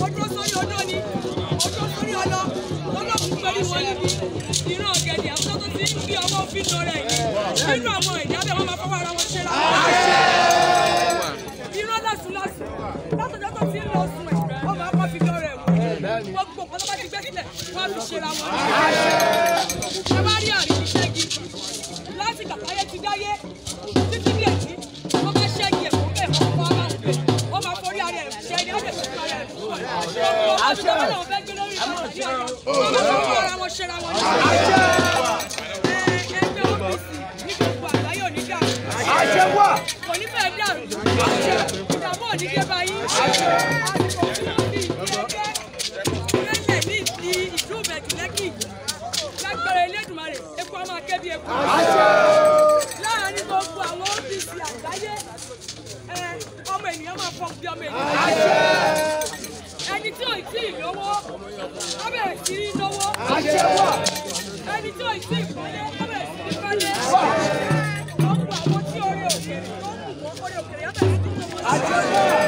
ó dúró sórí odó ni ó dúró sórí ọlọ olókùn pẹ̀lú wọn níbi ìran ọ̀gẹ̀dẹ̀ àwọn tó ti ń bí ọwọ́ òfin lọ rẹ̀ yìí nínú àwọn ìdábẹ́ wọn máa fọwọ́ ara wọn ṣe ra ìran lásùlásù látọjọ́ tó ti ń lọ sùn ẹ̀ wọ́n máa kọ́ fi lọ rẹ̀ wò gbogbo nǹkan tó bá ti gbé sílẹ̀ wọ́n á fi ṣe ra wọn. ẹ bá rí àrí ìṣẹ́gi láti kàkáyé ti dáyé títí díẹ̀ sí wọ́n bá ṣẹ́gi ẹ̀kọ́ bẹ́ẹ̀ wọ́n máa forí ara ẹ̀ ṣẹ́gi ó lè ṣe àṣẹ àṣẹ wà. kò ní fẹ́ dàrú àṣẹ ìdààmú òníjẹ báyìí àṣẹ àṣẹ òní ìjẹ́jẹ́ lẹ́lẹ̀ ní ti ìlú bẹ̀kìlẹ́kì lágbára Elédùmarè epo ọmọ akẹ́bí epo. láàárín gbogbo àwọn ọ́fíìsì àgbáyé ọmọ ènìyàn máa fọ́ bí ọmọ ènìyàn tí ò lówó ó bẹ̀rẹ̀ sí í lówó. ẹni tí ò tí ì kọ́lé ó bẹ̀rẹ̀ sí í tí orí òkèrè ó ń gùn owó orí òkèrè ó bẹ̀rẹ̀ sí í lówó.